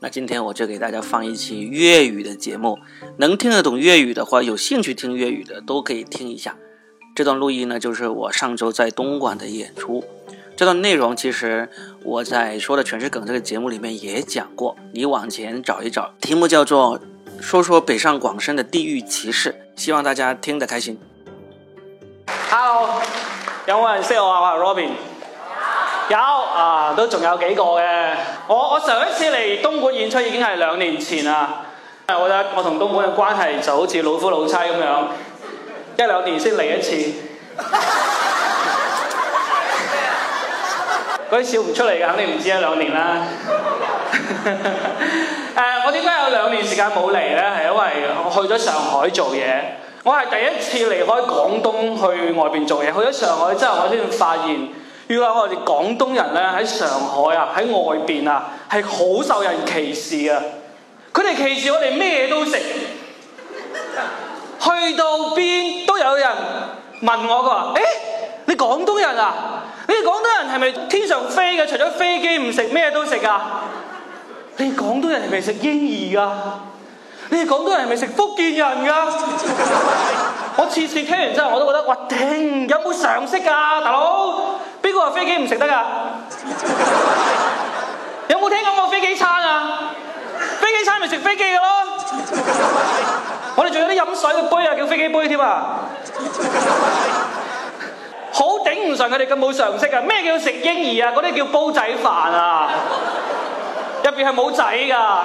那今天我就給大家放一期粵語的節目，能聽得懂粵語的話，有興趣聽粵語的都可以聽一下。這段錄音呢，就是我上周在東莞的演出。這段內容其實我在《說的全是梗》這個節目裏面也講過，你往前找一找，題目叫做《說說北上廣深的地域歧視》。希望大家聽得開心。Hello，有冇人識我啊？Robin。有啊，都仲有幾個嘅。我我上一次嚟東莞演出已經係兩年前啦。我覺得我同東莞嘅關係就好似老夫老妻咁樣，一兩年先嚟一次。佢笑唔出嚟嘅，肯定唔止一兩年啦。誒、 啊，我點解有兩年時間冇嚟咧？係因為我去咗上海做嘢。我係第一次離開廣東去外邊做嘢，去咗上海之後，我先發現。如果我哋廣東人咧，喺上海啊，喺外邊啊，係好受人歧視啊！佢哋歧視我哋咩都食，去到邊都有人問我嘅話：誒，你廣東人啊？你廣東人係咪天上飛嘅？除咗飛機唔食咩都食啊？你廣東人係咪食嬰兒㗎？你廣東人係咪食福建人㗎、啊？ 我次次聽完之後，我都覺得：哇！頂、呃、有冇常識啊，大佬？邊個話飛機唔食得噶？ 有冇聽講過飛機餐啊？ 飛機餐咪食飛機噶咯？ 我哋仲有啲飲水嘅杯啊，叫飛機杯添啊！ 好頂唔順佢哋咁冇常識啊！咩叫食嬰兒啊？嗰啲叫煲仔飯啊，入邊係冇仔噶。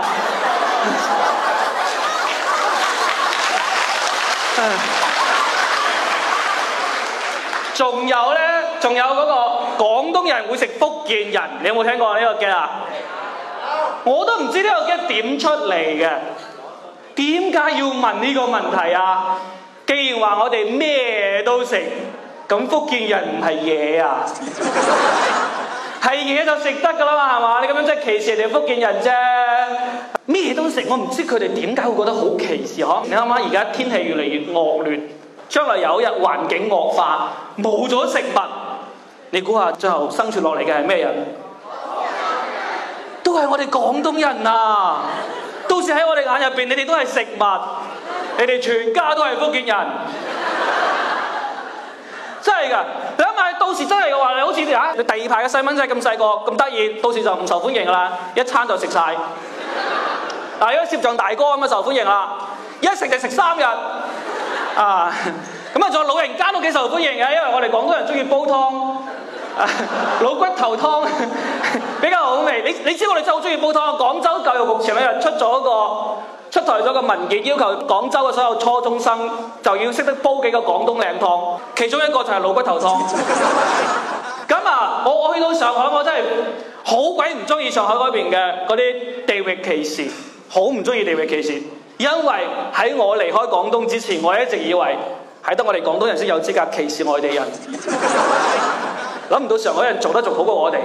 仲 有咧，仲有嗰、嗰個。廣東人會食福建人，你有冇聽過呢個 gag 啊？我都唔知呢個 gag 點出嚟嘅，點解要問呢個問題啊？既然話我哋咩都食，咁福建人唔係嘢啊？係 嘢 就食得噶啦嘛，係嘛？你咁樣即係歧視人哋福建人啫。咩都食，我唔知佢哋點解會覺得好歧視。嗬，你啱啱而家天氣越嚟越惡劣，將來有一日環境惡化，冇咗食物。你估下最後生存落嚟嘅係咩人？都係我哋廣東人啊！到時喺我哋眼入邊，你哋都係食物，你哋全家都係福建人， 真係噶！咁咪到時真係嘅話，你好似嚇你第二排嘅細蚊仔咁細個咁得意，到時就唔受歡迎噶啦，一餐就食晒。嗱， 如果攝像大哥咁就受歡迎啦，一食就食三日啊！咁啊，仲有老人家都幾受歡迎嘅，因為我哋廣東人中意煲湯。啊！ 老骨頭湯 比較好味你。你你知我哋真係好中意煲湯。廣州教育局前兩日出咗個出台咗個文件，要求廣州嘅所有初中生就要識得煲幾個廣東靚湯，其中一個就係老骨頭湯。咁啊，我我去到上海，我真係好鬼唔中意上海嗰邊嘅嗰啲地域歧視，好唔中意地域歧視，因為喺我離開廣東之前，我一直以為係得我哋廣東人先有資格歧視外地人。諗唔到上海人做得仲好過我哋。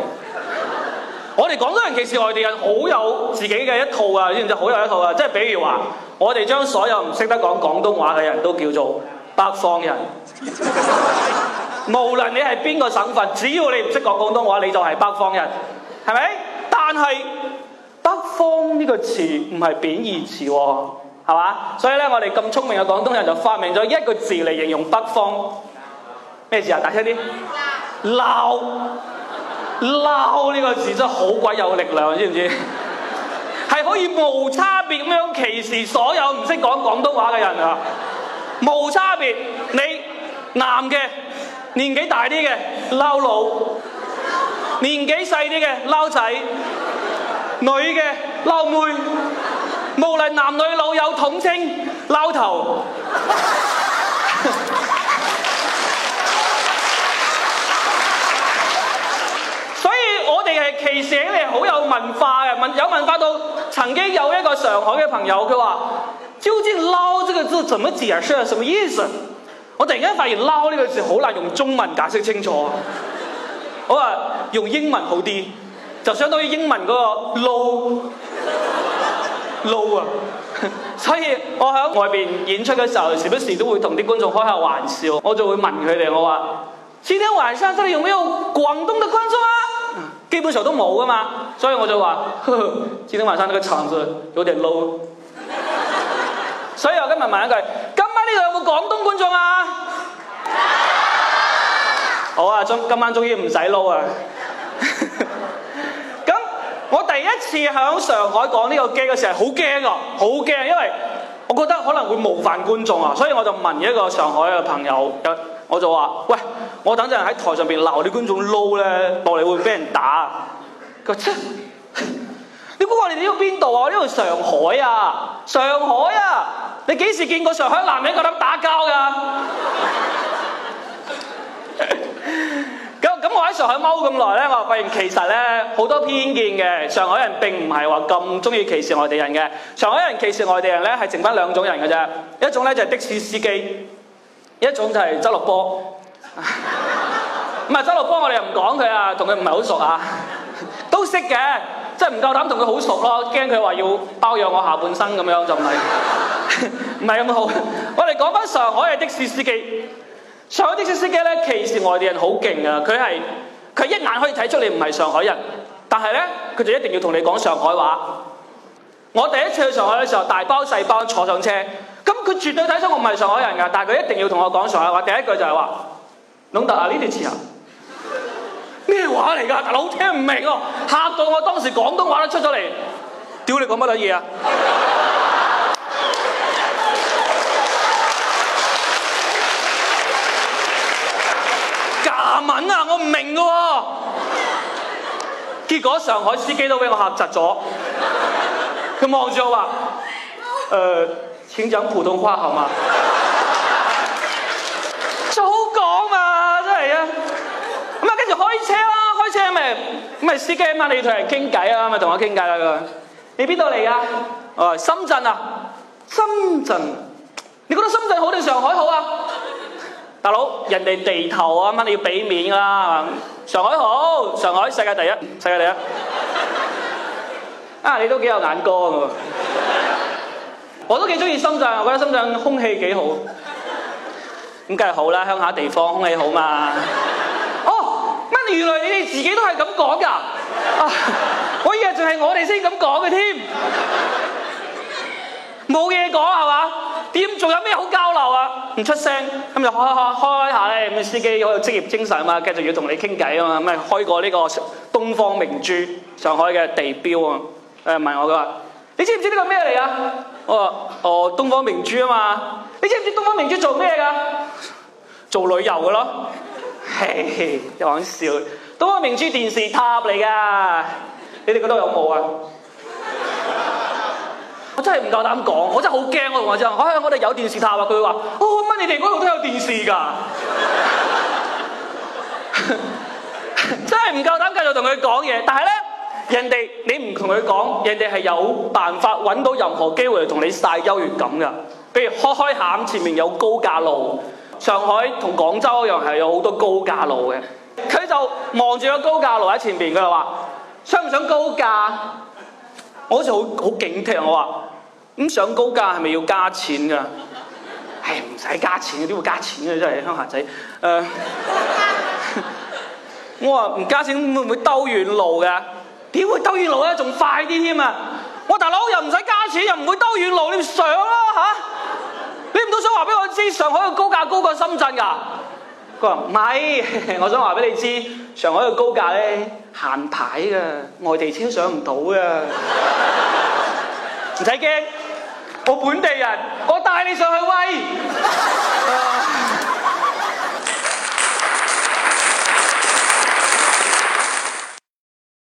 我哋廣東人歧視外地人，好有自己嘅一套啊，知唔知好有一套啊。即係比如話，我哋將所有唔識得講廣東話嘅人都叫做北方人。無論你係邊個省份，只要你唔識講廣東話，你就係北方人，係咪？但係北方呢個詞唔係貶義詞喎，係嘛？所以咧，我哋咁聰明嘅廣東人就發明咗一個字嚟形容北方咩字啊？大聲啲。.撈，撈呢個字真係好鬼有力量，知唔知？係可以無差別咁樣歧視所有唔識講廣東話嘅人啊！無差別，你男嘅，年紀大啲嘅撈佬，年紀細啲嘅撈仔，女嘅撈妹，無論男女老幼統稱撈頭。發到曾經有一個上海嘅朋友，佢話究竟撈這個字怎麼解釋啊？什麼意思啊？我突然間發現撈呢個字好難用中文解釋清楚啊！我話用英文好啲，就相當於英文嗰個 low low 啊！所以我喺外邊演出嘅時候，時不時都會同啲觀眾開下玩笑，我就會問佢哋：我話今天晚上這裏有沒有廣東嘅觀眾啊？基本上都冇㗎嘛，所以我就話，今天晚上呢個場子有啲 low。所以我今日問一句，今晚呢度有冇廣東觀眾啊？好啊，今晚終於唔使 low 啊。咁我第一次喺上海講呢個機嘅時候，好驚㗎，好驚，因為我覺得可能會冒犯觀眾啊，所以我就問一個上海嘅朋友，我就話，喂。我等陣喺台上面鬧啲觀眾撈咧，落嚟會俾人打。你估我哋呢度邊度啊？呢度上海啊，上海啊！你幾時見過上海男人夠膽打交㗎？咁 咁， 我喺上海踎咁耐咧，我就發現其實咧好多偏見嘅上海人並唔係話咁中意歧視外地人嘅。上海人歧視外地人咧，係剩翻兩種人嘅啫。一種咧就係、是、的士司機，一種就係周立波。唔 係周立波，我哋又唔講佢啊，同佢唔係好熟啊，都識嘅，即係唔夠膽同佢好熟咯，驚佢話要包養我下半生咁樣就，就唔係唔係咁好。我哋講翻上海嘅的士司機，上海的士司機咧，歧視外地人好勁啊！佢係佢一眼可以睇出你唔係上海人，但係咧佢就一定要同你講上海話。我第一次去上海嘅時候，大包細包坐上車，咁佢絕對睇出我唔係上海人噶，但係佢一定要同我講上海話，第一句就係話。達啊呢啲字啊？咩話嚟㗎？大佬聽唔明啊，嚇到我當時廣東話都出咗嚟。屌你講乜鬼嘢啊？假 文啊！我唔明㗎喎、哦。結果上海司機都俾我嚇窒咗。佢望住我話：呃，請講普通話好嗎？早講 啊！係啊，咁啊跟住開車啦、啊，開車咪咁咪司機吖嘛，你要同人傾偈啊，咪同我傾偈啦。佢你邊度嚟噶？我、哦、深圳啊，深圳，你覺得深圳好定上海好啊？大佬，人哋地頭啊，吖嘛你要俾面噶啦、啊。上海好，上海世界第一，世界第一。 啊，你都幾有眼光喎！我都幾中意深圳，我覺得深圳空氣幾好。咁梗係好啦，鄉下地方空氣好嘛。哦，乜原來你哋自己都係咁講噶？ 我以為就係我哋先咁講嘅添。冇嘢講係嘛？點仲有咩好交流啊？唔出聲咁就開開開開下。咁司機好有職業精神啊嘛，繼續要同你傾偈啊嘛。咁開過呢個東方明珠，上海嘅地標啊。誒問我佢話：你知唔知呢個咩嚟啊？我話：我，哦、東方明珠啊嘛，你知唔知東方明珠做咩噶？做旅遊㗎咯，又講笑。東方明珠電視塔嚟噶，你哋覺得有冇啊？ 我真係唔夠膽講，我真係好驚，我同佢講我話我哋有電視塔啊，佢話：乜，哦、你哋嗰度都有電視㗎？ 真係唔夠膽繼續同佢講嘢，但係咧。人哋你唔同佢講，人哋係有辦法揾到任何機會同你晒優越感噶比如開開下前面有高架路，上海同廣州一樣，係有好多高架路嘅。佢就望住個高架路喺前面，佢就話，想唔想高架？我好似好好警惕，我話，咁上高架係咪要加錢噶唉、哎，唔使加錢，點會加錢嘅，真係鄉下仔。誒、呃， 我話唔加錢會唔會兜遠路㗎？」點會兜遠路咧？仲快啲添啊！我、啊哦、大佬又唔使加錢，又唔會兜遠路，你上咯、啊、嚇、啊！你唔都想話俾我知，上海嘅高價高過深圳㗎、啊？佢話唔係，我想話俾你知，上海嘅高價咧限牌㗎，外地車上唔到啊！唔使驚，我本地人，我帶你上去威。